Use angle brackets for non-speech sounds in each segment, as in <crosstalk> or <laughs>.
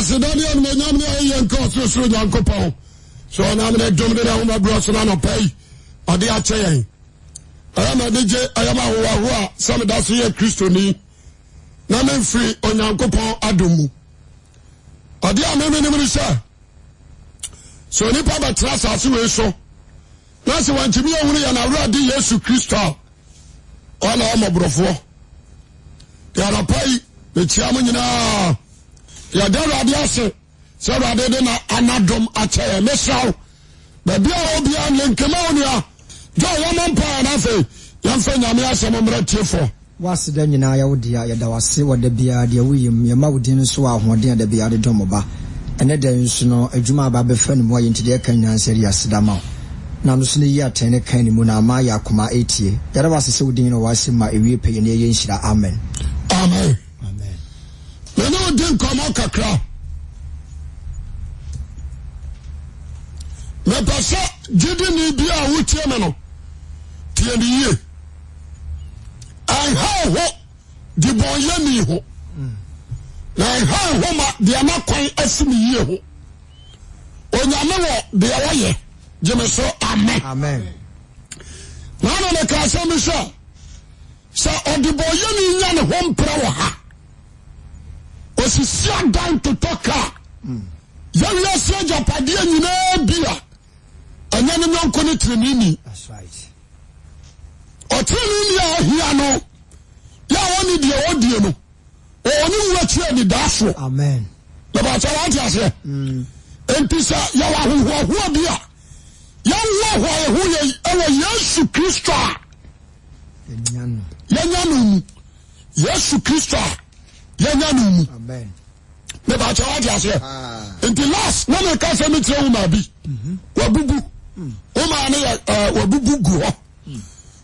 asedade animonyam ne ayɛyɛ nka ɔsorosoro nyankopɔn sɛ ɔnam ne dom de ne ahoma borɔ so no anɔpa yi ɔde akyɛ yɛn ɛyɛ na de gye ɛyɛ ma ahowaho a sɛ meda so yɛ kristoni na memfiri onyankopɔn adom mu ɔde a memenim no sɛ sɛ onipa bɛtena asase wei so na sɛ wantumi ahunu yɛ nawurade yesu kristo a ɔna ɔmɔborɔfoɔ deɛ anɔpa yi mekyia mo nyinaa yɛde awurade ase sɛ awurade de na anadom akyɛ yɛ mesra wo baabi a obiaa lenkema wo nua gya wɔmɔ mpaa no afei yɛmfa nyame asɛm mmra tiefoɔ wase da nyinaa yɛwo dea yɛda wase wɔ da biara deɛ woyim yɛma wo din nso wɔ ahoɔden a da biara de dɔm ba ɛnɛ da nso no adwuma aba bɛfa ne mu a yɛnti deɛ ɛka nyinaa nsɛ de yɛaseda ma wo na no so no yi atɛn ne kan ne mu na ama yɛ akoma ɛtie yɛda wase sɛ wo din no wɔ asɛm a ɛwie pɛyɛ ne ɛyɛ nhyira amen amen mɛne ɔdi nkamakakra mɛpɛ sɛ gyidine bia wotie me no tiamiyie ahawo hɔ debɔɔyami ho na ha hɔ ma deama kɔn asimiyie ho ɔnyame wɔ deawɔyɛ gyeme so amɛ nana nekaa sɛ mi so a sɛ ɔdebɔɔ yani nya ne homprɛ wɔ ha osisi adan totɔ kaa yɛwia se agyapadeɛ nyinaa bi a ɛnyɛ ne nyɔnko no tirinini ɔtirinini a ɔhia no yɛ wɔne deɛ ɔdie no ɔwɔ ne wura kyerɛ ne daafoɔ nabakyɛ wate aseɛ enti sɛ yɛwɔ ahohoahoa bi a yɛwɔ yɛ ɛwɔ yesu kristo a yɛnya yesu kristo a Ah. yega mhm. mm. ne mmu me eh, ba kewodease int last nmeka se me te woma bi wbb omnbubu gu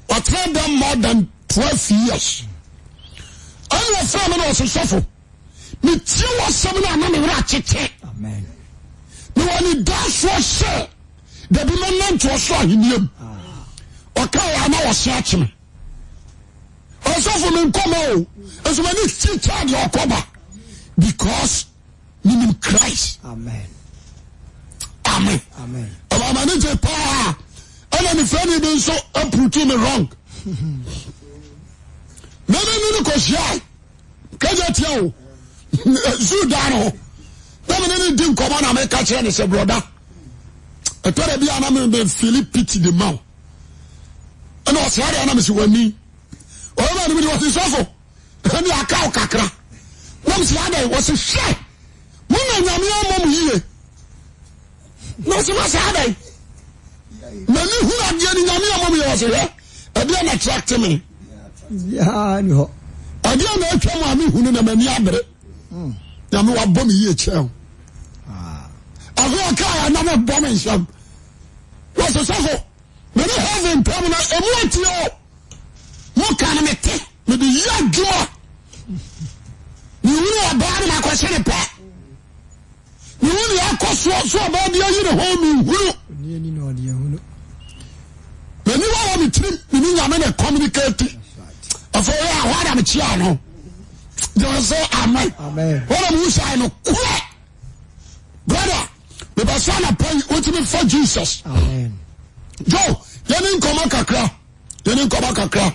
h tra em more than twelve years aneofra mene osesofo me tiewo semu n nanewerekete mewne da suo se dabi monanteosu aheniam ah. kanosen kyeme ɔsɔfo mi nkɔmɔ o esoma ni si kyaadi ɔkɔba because minim Christ amen amen ɔba ama ne jɛ paa ɛna ne fɛn mi bi nso apurutu mi wrong mɛmi mi ni kò si a kɛjɛ tiɛ o zu dan o dɛmi ne ni di nkɔmɔ na mi ka kyerɛ ne sɛ broda ɛtɔ de bi anam mi bɛ fili piti de ma o ɛna ɔsɛ adi anam si wɔ ni ɔyɛbɛ ne mede wɔse sɔfo ɛne aka wo kakra nam sɛ adɛ wɔse hwɛ mona nyame ama mo yie na sɛ masɛ adɛ mani hunu adeɛ ne nyame ama mo yɛ wɔse hwɛ ɛdeɛ na tracte me ɛdeɛ na atwa mu a mehunu na mani abere nyame wabɔ me yie kyɛw ahoɔ kaa ɛna me bɔ me nsɛm wɔse sɔfo mene heaven pam na ɛmu atie o moka no mete mede yi adwuma mewuru ɔbaa no makɔhye ne pɛ mewuru akɔ soɔ so ɔbaa bi ayi ne hɔ mehuru mani wa wɔ me tirim mene nyame ne communicate afei ɛ ahɔ ada mekyea no gyewɔ sɛ amen wɔna mewu sae no korɛ brother mebɛsa na pɛi wotumi fa jesus jo yɛne nkɔmɔ kakra yɛne nkɔmɔ kakra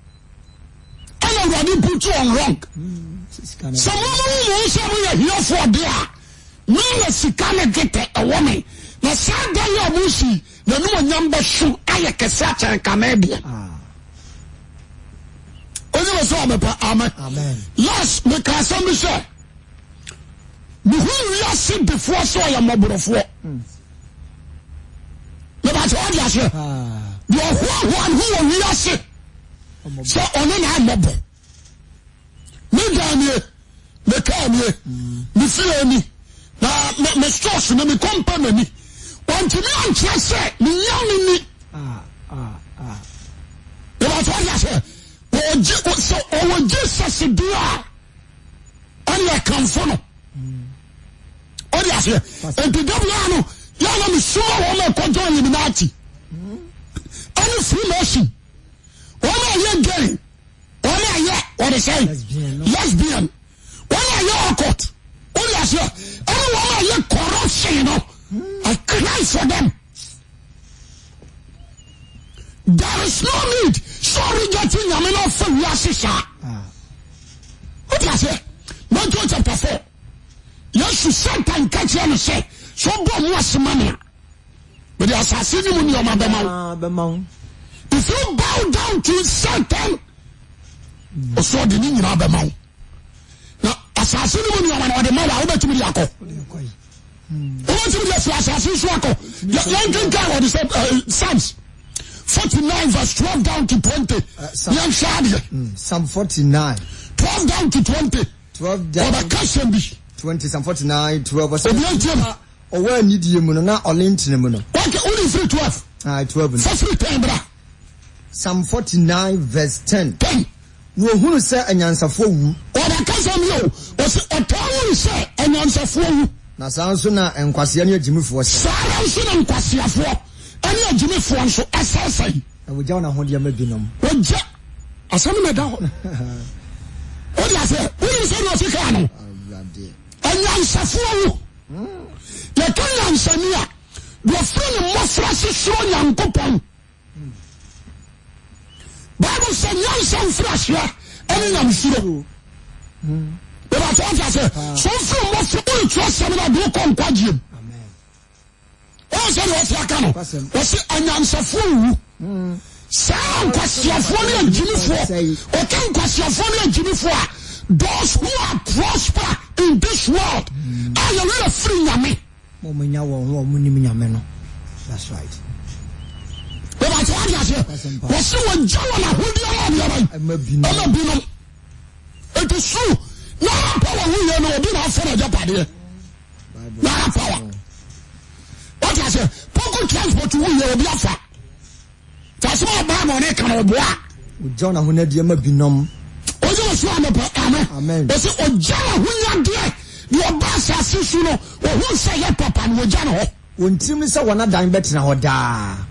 ɛna awurade put you on wrong sɛ monom mo sɛ moyɛ hiafoɔ de a moyɛ sika ne dwetɛ ɛwɔ me na saa da yɛ a mosi nanom onyam bɛso ayɛ kɛse akyɛn kama deɛ onye wɔ sɛ ɔmɛpɛ amɛ las meka asɛm bi sɛ mehuru wiase defoɔ sɛ ɔyɛ mmɔborɔfoɔ mebɛkyɛ ɔde aseɛ deɛ ɔhoahoa ne ho wɔ wiase sɛ ɔne na amɔbɔ ne daanie ne kaanie ne fie na me stores na me company ni wɔntumi ankyerɛ sɛ menya ne ni yɛbɛto ɔyɛ sɛ sɛ ɔwɔ jesus deɛ a ɔne ɛkamfo no ɔde aseɛ nti dabla no yɛna mesoma wɔ ma ɛkɔgya yɛminaati ɛne free nation sesb yee s ryfor tem there is no need sregetan ses a ys slten somsean butssenmna if youbo down to sltan ɔsɔ de ne nyinaa bɛma wo na asase no mu nneɔma na ɔde ma wo a wobɛtumi de akɔ wobɛtumi de afiri asase so akɔ yɛnkenka wɔde sɛ eh, psalms 49 verse 12 down to 20 eh, yɛnhwɛ adeɛ hmm, psalm 49 12 down to 20 ɔbɛka sɛm bi 20 psalm 49 12 obiantie mu ɔwɔ anidie mu no na ɔlentene mu no wode firi 12 12 ah, no fa firi 10 bra psalm 49 verse 10 10 na ohun sɛ anyansafoɔ wu. ɔba kasa mi o ɔsi ɔtɔn sɛ anyansafoɔ wu. na saa nso na nkwaseɛ ne agyimifoɔ sɛ. saa nso na nkwaseafoɔ ɛne agyimifoɔ nso ɛsɛsɛn. na wogya wɔn ahodeɛ ma binom. wogya asɛm na ɛda hɔ. <laughs> o de ase wuli nsɛm na ɔsi kaa no. anyansafoɔ wu. yɛka nyansani a wɔfiri ne mmɔfra sisoro nyankopɔn bible sɛ nyansa mfiri aseɛ ɛne nyamesuro bɛba sɛ ɔfa sɛ sɛ mfiri mmɔfo woretua sɛm no adeɛ kɔ nkwagyeɛm ɔn sɛ ne wɔfra ka no wɔse anyansafoɔ nwu saa nkwasiafoɔ ne agyimifoɔ ɔka nkwasiafoɔ ne agyimifoɔ a those who are prosper in this world a yɛwerɛ firi nyame ɔmanya wɔn ho ɔmo nim nyame no that's right bàbá àti wàá di àṣẹ wọ́n sì wọ́n jẹ́ wọn àhóndí ọmọ mi ọba yìí ọmọ bí nọ ètò sùn náírà pàwọ̀ wù yẹn ní òbí náà fọ́nà ọjọ́ pàdé yẹ náírà pàwọ̀ wọ́n ti àṣẹ pọ́ńkù transport wù yẹn òbí àfà tàṣí wọn bá àmọ̀ ní kàn ọ̀bọ̀ à. ọjà wọn àhóndí ẹdí ẹmọ bí nọm. ọjọ́ wọn sọ àmọ̀ pẹ̀ amẹ́ èsì ọjà wọn àhóndí ẹdí ẹ ní ọba àṣà sísun náà òhun sẹ́yẹ pàpà ni ọjà náà. wọ́n ti mi sẹ́ wọn adan bẹ́ẹ̀ tẹ̀ná ọ dáa.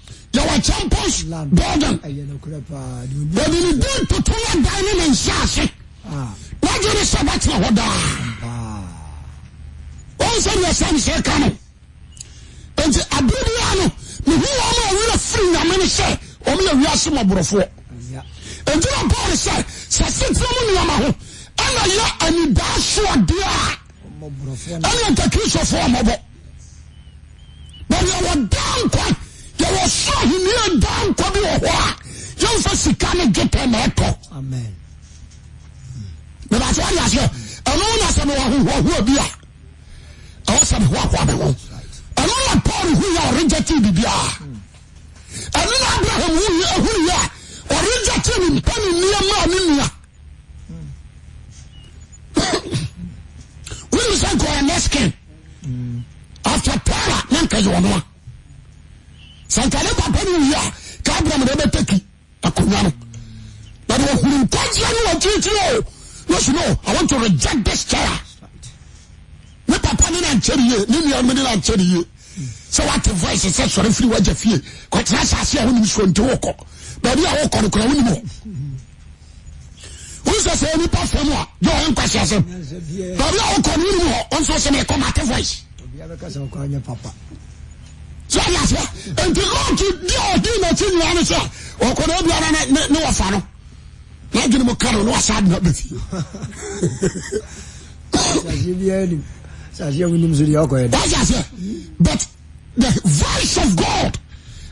yɛwɔ champions building wɔde ne bin toto no dan ne ne nhyɛ ase wagye ne sɛ bɛtena hɔ daa ɔnsɛ deɛ sɛm sɛ ka no nti aberɛ bia no mehu wɔ ma ɔwerɛ firi nyame no sɛ ɔmyɛ wiase mɔborɔfoɔ nti na paul sɛ sɛ setena mu nneɔma ho ɛna yɛ anidaa soɔdeɛ a ɛne ntakristofoɔ mmɔbɔ bɛyɛ wɔ daa yewosohimi danka bi ohoa yeo sika ne getema eto bebetas nshaa awseehoaka nlpahrejetebibi nnar rejeten anna wosekoane skin after pare nekeyoona sankane papa ni wia kabra mu bɛ teki akonya no But de wɔhuru nkwagyeɛ no wɔ kyirikyiri o na so no i want to reject this chair ne papa ne na nkyɛre yie ne nua ne na nkyɛre yie sɛ wate voice sɛ sɔre firi wagya fie kɔtena asase a wonim suo nti wokɔ baabi a wokɔ no kora wonim hɔ wọ́n sọ sẹ́yìn nípa fẹ́mu a yọ ọ́n kwasi asẹ́mu bàbá ọkọ̀ ní wọ́n mu hàn ọ́n sọ sẹ́yìn ẹ̀kọ́ màtí voice. obi abẹ́ka sọ yà sẹ nti lọọkì di ọdín náà ti nìyà ni sẹ ọkọdọ ebi ara ni wọ fa no náà gidi mu kárọ ni wà sá dùn abẹ fi. sàṣẹ bí ẹni sàṣẹ wí ni musu di ọkọ yẹn. wáyà sẹ but the voice of God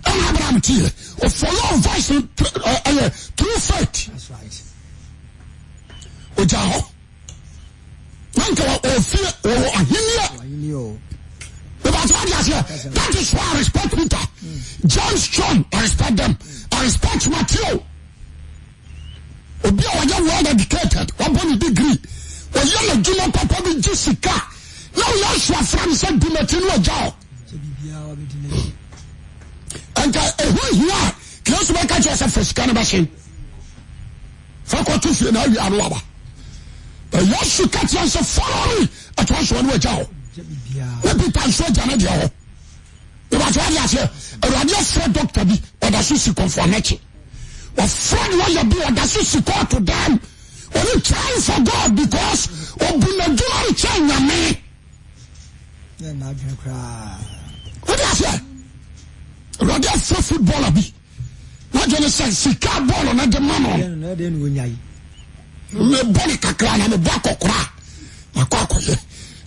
ẹnna abraham ti yẹ o follow voice ẹ yẹ true faith ọjà hɔ nanka wọ òfin wọ ahiniya. But what is here? That is why I respect Peter. John Strong, I respect them. I respect Matthew. Obi a wɔyɛ world educated, wɔbɔ ne degree, wɔyɛ n'adwuma papa bi gye sika, na wɔyɛ aso afra ne sɛ dumati no ɔgya hɔ. you ehu ehu a, kìlọ́sì bɛka kyerɛ of fɛ sika no bɛhyɛn. Fakɔto fie na awi ano aba. Ɛyɛ sika kyerɛ sɛ fɔlɔri, ɛtɔ at wɔn no ɔgya hɔ wopita nsuo gya ne deɛ hɔ ìbàtí wàá di aseɛ awurade afra dɔkta bi ɔda so si kɔnfɔ n'akyi wafra ni wɔyɛ bi ɔda so si kɔɔto dan wɔn trying for god because obu na duma nkyɛn nyame. wọ́n di aseɛ awurade afra footballer bi wájú ni sẹ sika bọ́ọ̀lù náà di mamu mẹ bọ́ọ̀lù kakra náà mẹ bọ́ akɔkora akɔ akɔyɛ.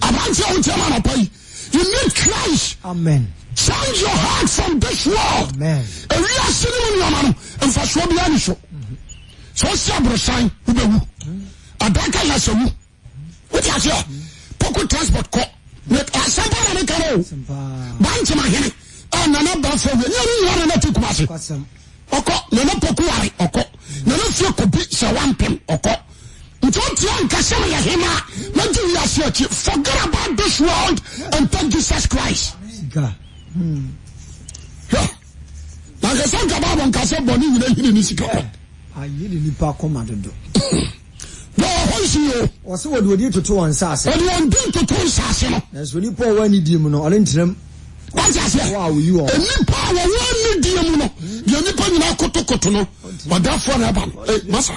abanti a wotia ma anapa yi eh? you need Christ amen change your heart from this world amen ewi ase ni mu nneɛma no nfasuo bi ani so sɛ ɔsi aburusan wobɛwu adaka yɛ sɛ wu wotia seɛ pɔkɔ transport kɔ asampa na ne kare o bankyɛn ahene a nana ba fɛ wiye nyɛ ne nyɛ nana ti kumase ɔkɔ nana pɔkɔ ware ɔkɔ nana fie kobi sɛ wampem ɔkɔ nti o tia nkasa mi yɛ hema na di ase akyi forget about this world and thank Jesus Christ. na nkasa nkaba abɔ nkasa bɔ ne nyina yiri ni sika kɔ. ayi ni nipa kɔma dodo. na ɔhɔ nsi o. ɔsɛ wɔde odi toto wɔn nsaase. wɔde wɔn di toto nsaase no. ɛsɛ nipa ɔwɔ ani di mu no ɔne ntirim. wájà sɛ nipa a wɔwɔ ani di mu no deɛ nipa nyinaa kotokoto no ɔdafoɔ na ɛba no eh, masa.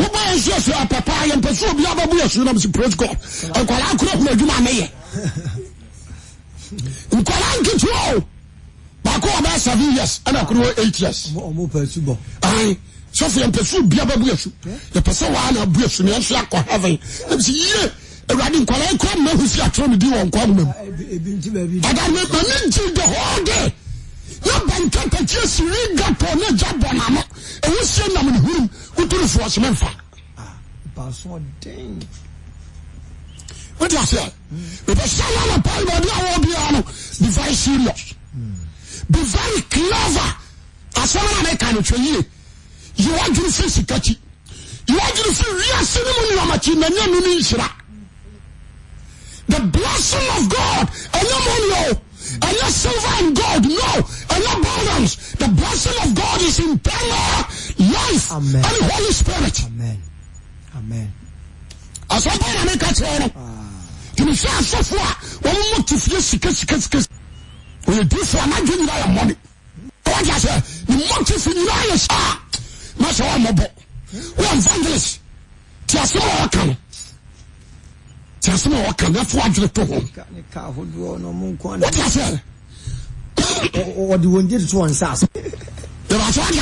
woba yɛsiesie apapa yɛmpɛ sɛ obia babu yɛsoo nam sɛ praise god nkwala kora hunu adwuma meyɛ nkwala nketewa o baako ɔbɛyɛ seven years se koro wɔ eight years sɔfo yɛmpɛ sɛ a babu yɛsu yɛpɛ sɛ waa na abu yɛsu na eu akɔ heaven nam sɛ yie awurade eu kora mma ho si atwerɛ ne din wɔ nkwa mu mam ada mamengye the whole day yaba nkantakye siri gato ne gya bɔ n'ano ewu sie nam ne hurum kuturu fo ɔsɛmɛ nfa. baasɔ den. o de aseɛ bɛbɛ sáwọn na paul bɛ ɔdi awɔ bi ano be very serious be very clever asɔrɔ na mɛka ne twɛ yie yi wa duru fi sikakyi yi wa duru fi wiase ne mu nyamakyi na nye nu ni nsira the blessing of God ɛnyɛ mu ni o ɛnyɛ silver and gold no. aane the blessing ofgo is impa life andholy spirit snnkat e m nt ɔde wɔn gye tutu wɔn nsa ase. yɛrɛ asɔ adi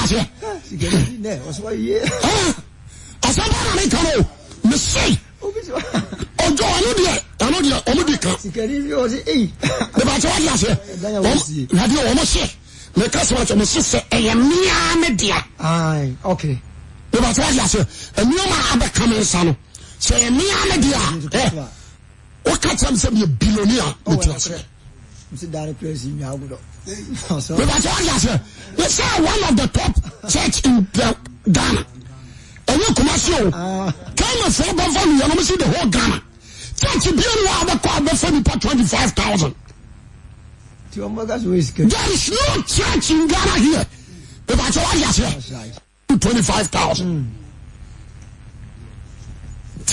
aseɛ. asɛm bá nani kan o mɛ se ọjọ ọnu diẹ ọnu diẹ ọmu di kan. sikari bi wọ si eyi. bẹbẹ ati wadi ase. yadi ọmọ se mɛ kasima sɛ mesi sɛ ɛyɛ mmea me dea mebɛte wode ase ɛnneɔma abɛka nsa no sɛ ɛyɛ mmea me dea woka kyerɛ me sɛ meyɛ biloni a metira serɛ one of the top church in Ghana. Ẹ̀yẹ́ Kumasi o, ah. Kẹ́nyẹ̀ fún ọba fún mi, ẹ̀rọ mi the whole Ghana. Church bí ẹnu wa abẹ́kọ̀ abẹ́ fún mi pa twenty five thousand. There is no church in Ghana here. Bàbá àti ọwọ́ yàtọ̀ twenty 25.000. thousand. Hmm. Tí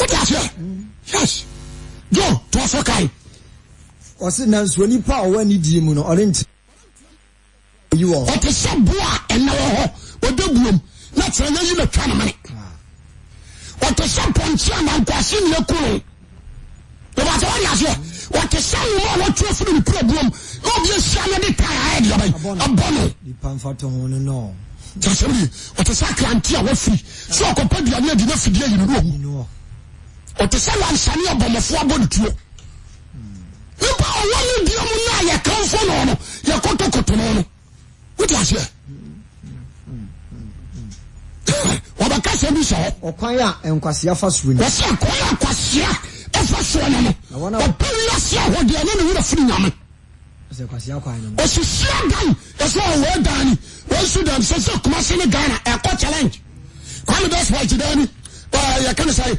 wote aseɛ yes jo to aso kae ɔse nanso nipa a ɔwɔ anidie mu no ɔne nti yi wɔ hɔ ɔte sɛ bo a ɛna wɔ hɔ ɔda buom na kyerɛ nya yi matwa no mene ah. ɔte sɛ pɔnkye a nankwase nyɛ kuro ɛbɛsɛ wɔne aseɛ ɔte sɛ nwoma a wɔtwerɛ fo no nkura buom na ɔbi ahyia no de tae ayɛ deɛ bɛn abɔ no kyerɛ sɛ bi ɔte sɛ akrante a wafiri sɛ ɔkɔpɛ duane adi na afidie ayi no no ɔmu ɔte sɛ wansane abɔmɔfoɔ abɔntuo nipa ɔwɔ no diom no na yɛkamfo no no yɛkotokoto no no wote aseɛ eh, wɔbɛka sɛ bi sɛ hɔ ɔkwan a nkwasea fa soɔ ni wɔsɛ kwan a kwasea ɛfa soɔ no no ɔpɛwi ase ahodeɛ ne ne werɛ firi nyame ɔsisia dan ɛsɛ ɔwɔ dan ni wɔn sudan sɛ sɛ kumase ne ghana ɛkɔ challenge kwame dɔsɔ akyidaa ni yɛkene sɛ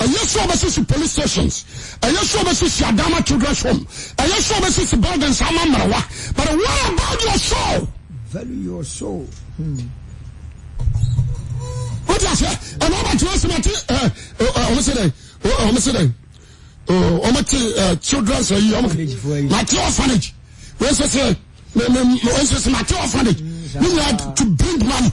ɛyɛ sɛ ɔbɛsisi police stations ɛyɛ sɛ ɔbɛsisi adama children's home ɛyɛ sɛ ɔbɛsisi buildings ama mmerewa but what about your soul. value your soul. wọ́n ti àṣẹ ẹ̀rọ ọba tí wọ́n sọ ma ti ọmọ sí dẹ̀ ọmọ sí dẹ̀ ọmọ ti children's ẹ̀yí ọmọ ma ti orphanage wọ́n sọ sẹ́ wọ́n sọ sẹ́ ma ti orphanage we need hmm, to bring money.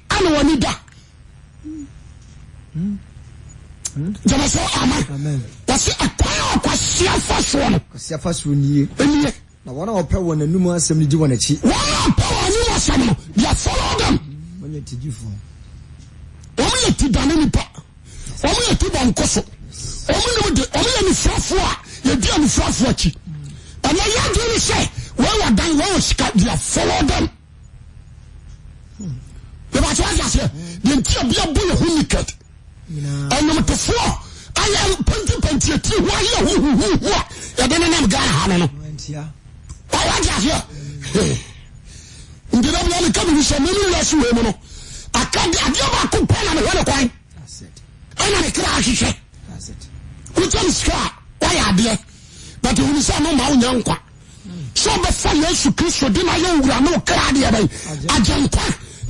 ɛne wɔne da gyama ama wɔse ɛkwan a kwasea fa soɔ no kwasea fa soɔ nie ɛnie na wɔn a wɔpɛ wɔn anum asɛm no di wɔn akyi wɔn a wɔpɛ wɔn anum asɛm no yɛ follow wɔn yɛ tigifoɔ wɔn yɛ ti dane nipa wɔn yɛ ti bɔ nko wɔn yɛ de wɔn yɛ nifurafoɔ a yɛdi nifurafoɔ akyi ɛnna yɛ adi ni sɛ wɔn wɔ dan wɔn wɔ sika yɛ follow them. yɛbɛkyɛ wadi aseɛ yɛnti obi abu yɛ ho naked ɛnumtofoɔ ayɛ pɛntipɛnti eti ho ayɛ huhuhuhu a yɛde ne nam ghana ha no no wadi aseɛ ntina bi alika mi sɛ mi ni yɛsi wɔ mu no akadi adeɛ baako pɛn na mi hɔ ne kwan ɛna eu kira ahyehyɛ wotɛ mi sika a wayɛ adeɛ but wɔn sɛ ɔno ma ɔnya nkwa hmm. sɛ ɔbɛfa yɛsu kristu di na yɛ wura na ɔkira adeɛ bɛyi agye nkwa.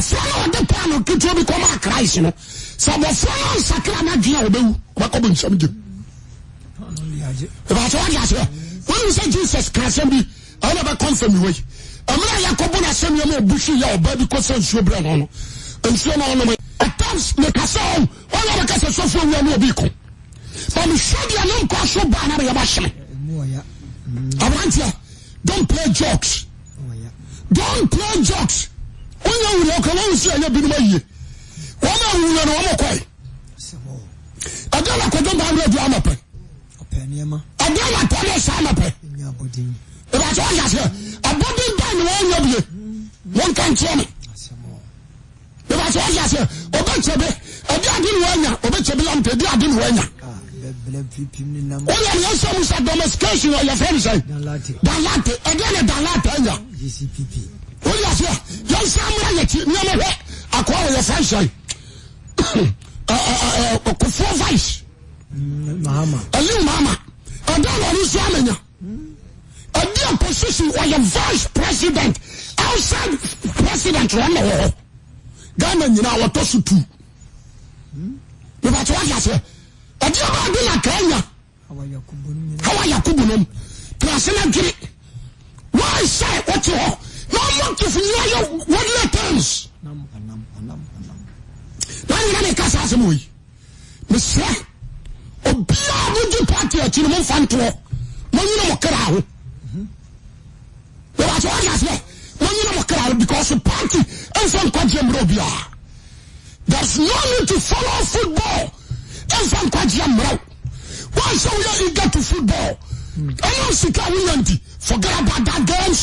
f de pan kit bea cri se sakie e a a s wọnyẹ wuli ọkọ wọn nsu ẹyẹ binom ayie wọn bá wuli ẹni wọn bọ kọ yi ẹdá na kọjọ bá wúlò di ama pẹ ẹdá na pọ ní ẹsẹ ama pẹ ìbàtí wọn yàtọ abọdé bá ni wọn ah, yẹ bìyẹ wọn kàn tiẹ mi ìbàtí wọn yàtọ ọbẹ kyẹbi ẹdí adi ni wọn yà ọbẹ kyẹbi lampe ẹdí adi ni wọn yà wọn yà ni wọn sọ musa domestication wọn yà fẹmi dalate ẹdí ẹni dalate ẹ das yensa mrayeti mmhe akoyefans kofo vice almama delor samya adiopposition wasa vice president outside president rnho gana yina wato sotu patdas dbadna kaya hawayakubu no trasenadiri was wotho want to finish your worldly things. wọ́n yìí lẹ́nu ìkásá asẹ́mu wọ̀nyí mesra obiara mo di paati ẹ̀kí ni mo nfa ntoọ mo nyina mo kẹrẹ aho wọ́n aṣọ wáyé asẹ́ mo nyina mo kẹrẹ aho because paati ẹnfọ nkwajì mìíràn obiara there is no need to follow football ẹnfọ nkwajì mìíràn wọ́n aṣọ wọ́n yẹ eager to football ẹ̀yọ́ sika wúnyẹ̀ nti forget about that games.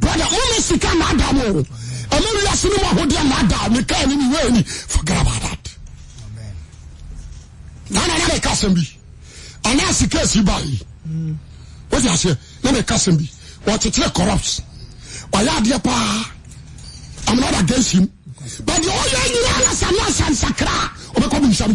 brother ome sika nadamo amenu yasenom hode nada mikenimi weni fogeraba dat an nam kasebi ana sike asi ba wetase nm kasbi wa tetre corrupt wayadie pa am not against him but yoye ye anasaniasan sakra omekobnsam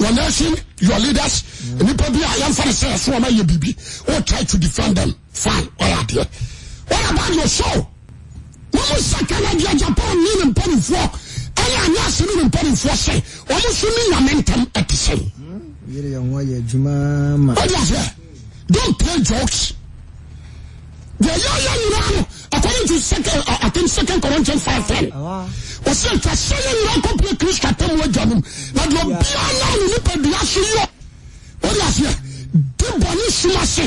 your nation your leaders nipa bi a yɛmfa ne sɛ ɛso ɔma yɛ biribi o try to defend them fine ɔyɛ adeɛ what about your soul wɔn mo sakana di japan ne ne mpanimfoɔ ɛna anya ase ne ne mpanimfoɔ sɛ wɔn mo so ne nyame ntam ɛte sɛ. yɛrɛ yɛn ho ayɛ adwuma ma. ɔdi afɛ Don't play jokes deɛ yɛ ɔyɛ nyinaa no according to second uh, uh, I think second Corinthians five ten ɔsɛ ɛtwa sɛyɛ nyina kɔpere kristo atam wɔ agya nom na deɛ ɔbia na ne nipadua so yɔ wode aseɛ de bɔne som ase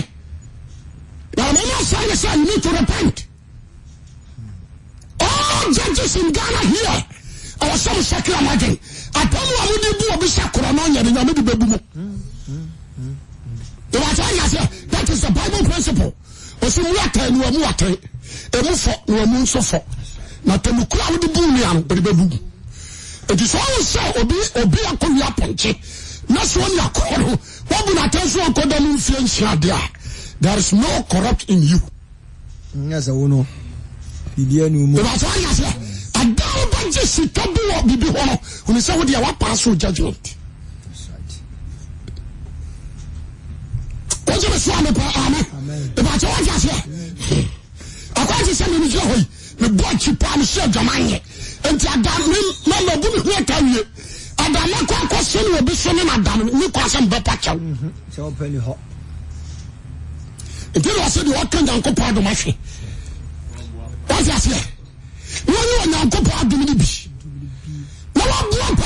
na ɔma no asae ne sɛ you need to repent all judges in Ghana here ɛwɔ sɛ mo sɛkra magyen atam a mode bu ɔbi sɛ korɔ no ɔnyɛ de nyame de bɛbu mu ɛwɔ atoa yɛ sɛ that is the Bible principle ɔsɛ mu atɛn ne wɔ mu atɛn ɛmu fɔ na ɔmu nso fɔ na tɛmukura wode bu nua no bɛde bɛbu eti sɛ ɔwɔ sɛ obi obi akɔwia pɔnkye na sɛ ɔnya kɔɔ no wabu na atɛn akɔda mu mfie nhyia deɛ there is no corrupt in you. n yà sɛ wono bibi ɛni umu. ìbá sọ ayé ase adáwọ bá jẹ sika bí wọ bibi hɔ no onisɛ wo deɛ wa pa so judgement. wọ́n jẹ́ bẹ́ẹ̀ sọ àmì pa àmì ìbá sọ ayé akwansi sɛ mɛmi gyina hɔ yi mɛ bɔ akyi paa mɛ si adwama nyɛ nti adam mi mɛ mɛ bu mi hu ɛta wie adam mɛ kɔ ni obi so ne na adam mi kɔ asɛ mbɛ pa kyɛw. sɛ ɔpɛ ni hɔ. nti na ɔsɛ de ɔka nyanko pɔ adum ahwɛ wɔsi aseɛ wɔn yi wɔ nyanko pɔ adum ni bi na wɔn bu ɔpɛ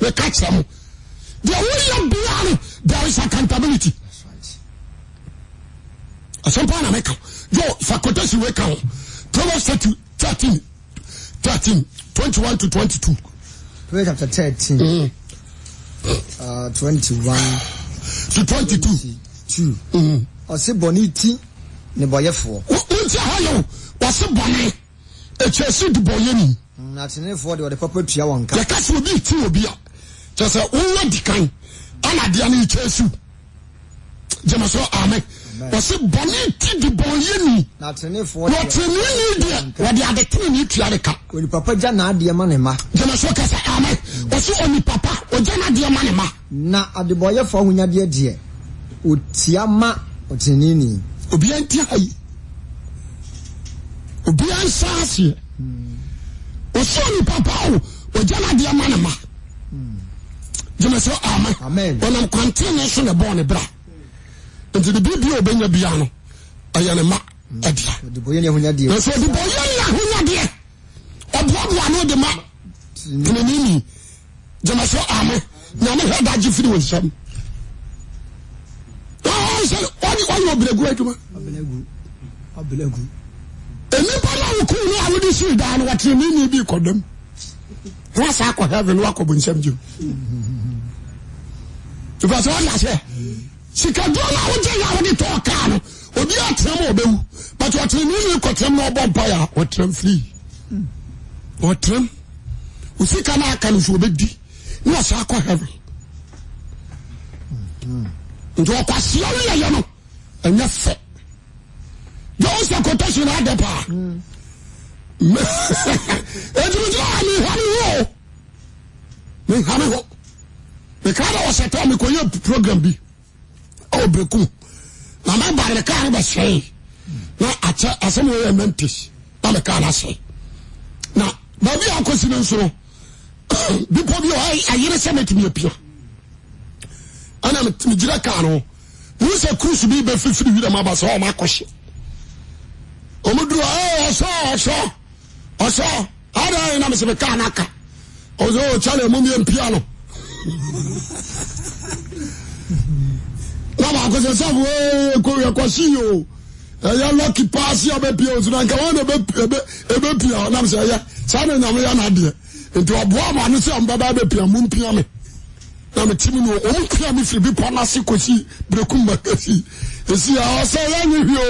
meka kyerɛ mo deɛ woyɛ bia no there is accountability asɛmpa na meka yo fa kotasi weka ho proverbs thirteen, twenty-one to 22 Proverbs chapter 13 mm. uh, twenty-one to 22 22 mm. ɔse bɔne ti ne bɔyɛfoɔ wontia ha yɛ wɔse bɔne ɛkyɛ si de bɔyɛ ni atenefoɔ deɛ ɔde papa tua wɔn ka yɛka sɛ obi ti obi a kyɛsɛ wowɔ di kan ana deɛ no yɛkyɛ su gyeme so ame wɔse bɔne ti de bɔnyɛ ninɔteneani deɛ wɔde adetene ne tua de ka gyeme so kɛ sɛ ame ɔse mm. ɔnipapa ɔgya nadeɛ ma ne ma na adebɔyɛfo ahonyadeɛ deɛ ɔtia ma ɔtenenii obia nti ha yi obia nsa aseɛ ɔse ɔnipapa o ɔgya mm. oh, nadeɛ ma ne ma gyemɛsɛ amen ɔnam kwantene so ne bɔɔ ne bra nti de biribia ɔbɛnya bia no ɛyɛ ne ma ɛdea nanso ɔde bɔyɛ ne ahonyadeɛ ɔboaboa no de ma tenenini gyemɛsɛ amen nyame hɛ da gye firi wɔ nsɛm sɛ ɔyɛ ɔbrɛgu adwuma ɛnipa no awokuu no a wode sii daa no wɔtenenini bi kɔdam wasak hevnwabosj sonase sikadumwojeawoetkan otrmbewu buttrenyktr oba tr free trm osikanakanesobedi nesako heven intokosiawoyeyeno aya fe osekotasena ade pa ɛtumtum a mehane hɔ mehane hɔ meka da wɔsɛ ta mekɔyɛ program bi ɛwɔ brekum na mɛba ne kaa no bɛsɛe na akyɛ asɛm wɔyɛ mentis na meka no asɛe na baabi a akɔsi no nso no <coughs> bepɔ bi ayere sɛ metumi apia ɛna megyina kaa no mu sɛ cruise bi bɛfifiri wirama ba sɛ ɔma akɔhye ɔmoduru ɔsɛ ɔsɛ ɔsɛ ada na mesɛ meka no ka ɔsɛ ɔkyale mumie mpia no na baako sɛ sɛ kɔsi o ɛyɛ lɔki a ɔbɛpia o so na nka wɔn ɔnam sɛ ɛyɛ saa na nyame yɛ n'adeɛ nti ɔboa ma sɛ mu mpia na no ɔmu pia firi bi kɔsi esi a ɔsɛ yɛnye hwi o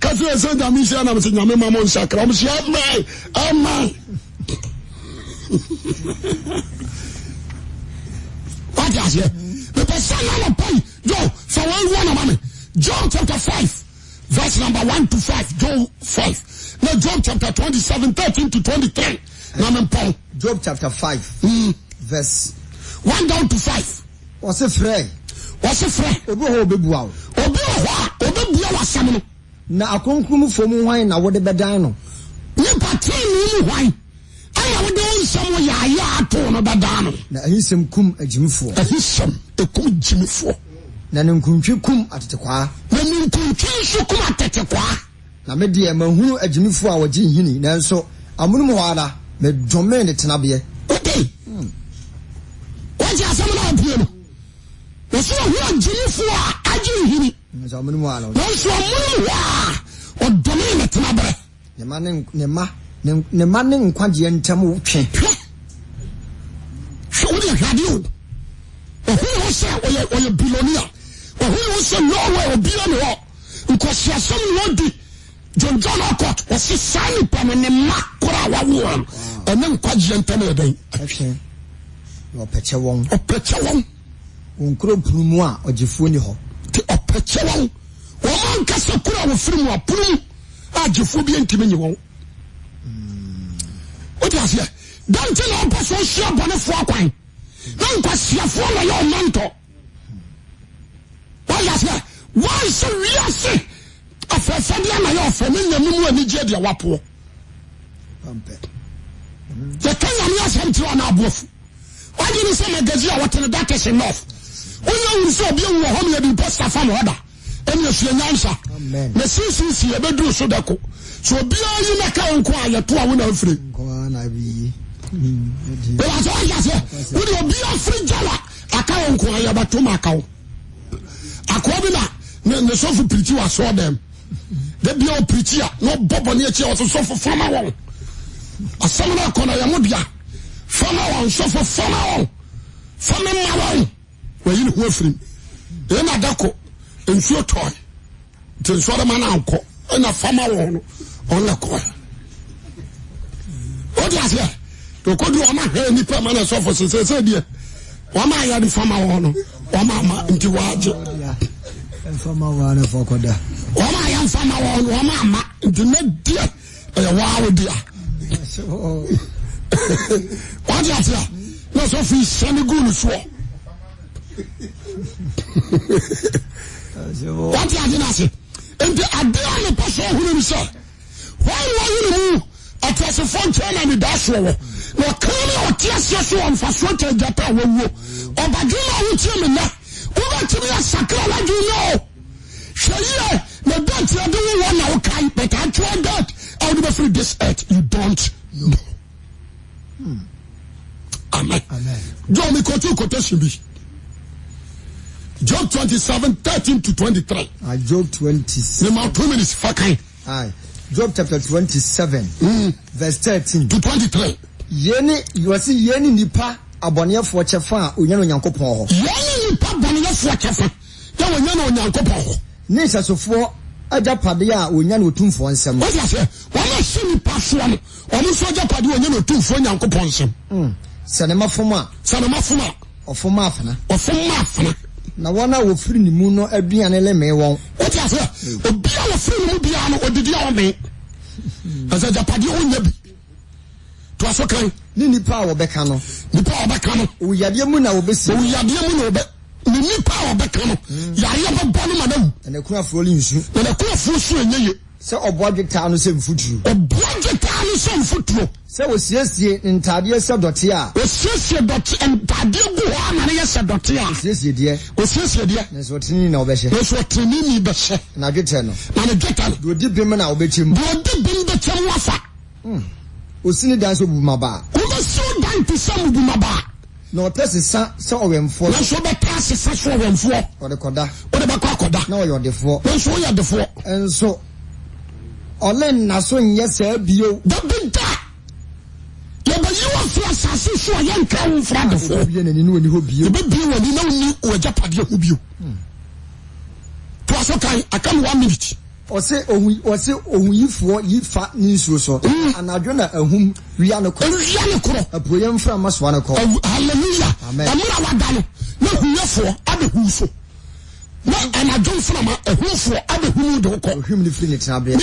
kasi ɛsɛ nyame hyia nam sɛ nyame ma mo nsakra ɔmo hyia mmae ɛmae <laughs> wate aseɛ mepɛ sɛ na na pai jo fa wɔnwua na ma me john chapter five, verse number one to five. john five. na john chapter twenty-seven, thirteen to twenty-three. na mempɔn job chapter five. mm. verse one down to 5 wɔse frɛ wɔse frɛ ɛbi hɔ wɔbɛbua wo obi wɔ hɔ a obɛbua w'asɛm no na akonkum fom hwan na wode bɛdan no nipa tenee mu hwan ɛna wode wo nsɛm yɛayɛ ato no bɛdan no na ahisɛm kum agyimifoɔ ahisɛm ɛkum gyimifoɔ na ne nkuntwi kum atetekwaa na ne nkuntwi nso kum atetekwaa na me deɛ mahunu agyimifoɔ a wɔgye nhini nanso amonom hɔ ara medɔmee ne tenabeɛ wode wagye asɛm no apue no wɔsɛ wɔhu agyimifoɔ a agye nhini mnomhɔ ɔdnnetenaber nema ne nkwa yeɛ ntɛmo teoewa y l ɛ nran nkɔ siaso nde juon ssanpnema ra wɛɛ ɔnkro prumu a ɔyefuni h apɛkyɛ wɔn wɔn ankasa koro a wofiri mu apono mu a gyefo bi ntumi nye wɔn hmm. o ti aseɛ dante na ɔpɛ so ɔhyia bɔnefoɔ akwan na nkwasiafoɔ na yɛ ɔnantɔ wɔyɛ aseɛ wɔn sɛ wiase afɛfɛdeɛ na yɛ ɔfɛ ne nyame mu anigye deɛ wapoɔ yɛka nyame asɛm tirɛ ɔna aboafo wagye ne sɛ magazine a wɔtene that is wọ́n yẹ wùn sọ ọbẹ̀ wù ọ̀họ́ mi yẹ di pọ́sítà fáwọn ọ̀dà ẹni ẹ̀sùn yẹn nyansa na sísìsì yẹ bẹ dùn so dẹ́ko so obiara yìí náà ká nkọ́ àyẹ̀tọ́ àwọn náà firi. wọ́n aṣọ ayé aṣọ wọ́n di obiara firi jala aka nkọ́ àyẹ̀bà tó máa ka akọ́ bi na ne sọ́fù pìrìtì wà sọ́ dẹ́m dẹ́bi ọ̀ pìrìtì à ní ọ̀bọ̀bọ̀ ní ẹ̀kyẹ́ ọ̀sọ̀ sọ́fù fama wọn asẹ́mu náà kọ́ na yẹ mu bia fama wọn sọ́fù fama wọn fama ma wọn. wayi ne ho afirim ɛyɛ na adako nsuo tɔe nti nsɔrema no ankɔ ɛna fama wɔ no ɔnɛ kɔɛ wode aseɛ okɔdu ɔma hwɛ nipa ma na ɛsɔfo sesese deɛ ɔma ayɛ de fama wɔ no ɔma ama nti waagye ɔma ayɛ mfama wɔ no ɔma ama nti na deɛ ɛyɛ waa wo dea <laughs> wode aseɛ na ɛsɔfo ihyɛ gu no wate ade no ase nti ade a nopɛ sɛ ɔhunu m sɛ wɔnwa hunu mu ɔteasefoɔ nkyɛ na ne daa soɔ wɔ na ɔkaa ne a ɔte aseɛ so wɔ mfasoɔ kyɛ agyata a wɔwuo ɔbadwe ma wotie me nnɛ wobɛtumi asakra wadwe nyɛ o hwɛ yie na dat yɛde wo wɔ na wokae but actual dat a wode bɛfiri this earth you don't know hmm. amen jɔ me kɔtu kɔtɔ si bi Job 27, 13 to 23. Uh, ah, Job 27. The two minutes, fakai. Aye. Job chapter 27, mm. verse 13 to 23. Yeni, yɔsi yeni nipa abɔnɛfoɔ kyɛfa chefa onyana onyankopɔn hɔ. Yeni nipa abɔnɛfoɔ kyɛfa chefa onyana onyankopɔn hɔ. Ne nsasofoɔ aja padia onyana otumfoɔ nsɛm. Wọ́n ti ase, wọ́n yɛ si nipa soɔ no, wɔn nso agyapade onyana otumfoɔ nyankopɔn nsɛm. Mm. Sɛnɛma fom a. Sɛnɛma fana. a. Ɔfom afana na wɔn a wɔfiri ne mu no aduane ne mee wɔn. o ti ase obi a wɔfiri ni mu biara no odidi awon mee ɛsɛ japadeɛ o nya bi to aso kan. ne nipa a wɔbɛka no. nipa a wɔbɛka no. oyadeɛ mu na wɔbɛsi. oyadeɛ mu na wɔbɛ ni nipa a wɔbɛka no hmm. yare bɛ bɔ ne ma na mu. ɛnɛ kura furo le nsu. ɛnɛ kura furo su enye ye. sɛ ɔbɔ adwita ano sɛ nfutuo. ɔbɔ ne sɛ mfotuo sɛ wɔsiesie ntadeɛ sɛ dɔte a wɔsiesie dɔte ntadeɛ gu hɔ ama ne yɛ sɛ dɔte a wɔsiesie deɛ wɔsiesie deɛ nanso na wɔbɛhyɛ nanso ɔtene ni bɛhyɛ na dwetɛ no na ne dwetɛ no deɛ ɔdi bim na wɔbɛkyɛm deɛ ɔdi bim bɛkyɛm wafa hmm. osini dan so bu ma baa wɔbɛsiw dan te sɛ mu bu ma baa na ɔpɛ sisa sɛ ɔwɛmfoɔ nanso ɔbɛpɛ asesa sɛ ɔwɛmfoɔ ɔde kɔda ɔde bɛkɔ akɔda na ɔyɛ ɔne nna so nyɛ saa bio. dabi da yɛbɛyi wɔ fi asase so a yɛnka wo mfra adefoɔ yɛbɛbie w'ani na wonni w'agyapadeɛ ho bio toa so kan aka me one minute ɔsɛ ohun ɔsɛ ohun yifoɔ yi fa ne nsuo so. anadwo na ehum wia ne korɔ. ewia ne korɔ. apuoyɛ nframa soa ne kɔ. hallelujah. amen. ɛmúra wa da no ne hun yɛ foɔ ɛna hun so. enaofona hmm. ho ehdeti kran bo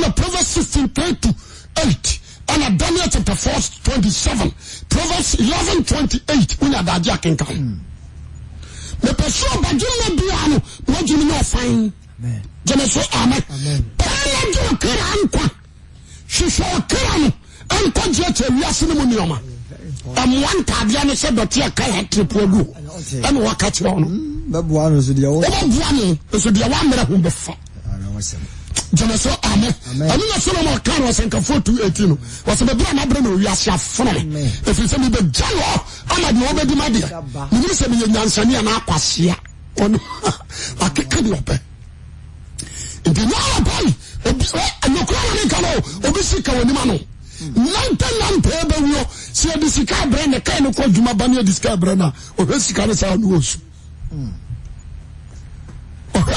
ne pove 3o ɛnana 27 12nae ɛɛɛbawnoowmeɔnwhwɛ neka wise no mu nnema moa ntaea sɛ daheaɛnekɛ ɛɛaɛfa geme so ame anena solom kane asenkafo t et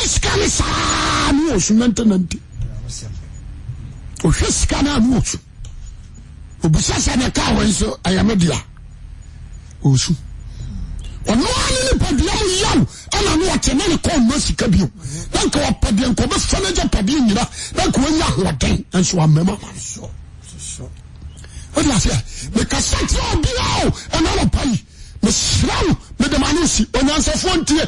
eea osonetenete he sika nnso obisesekadra edesi yase fnte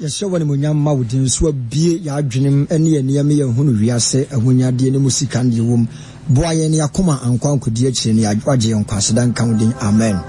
yɛhyɛ wɔ nemonyam ma wo din so abie yɛadwenem ne yɛnneɛma yɛhunu wiase ahonyadeɛ ne mu sika ne yɛwɔ mu boa yɛn ne yɛakoma ankwa nkɔdi akyiri ne yɛagye yɛn nkwa din amen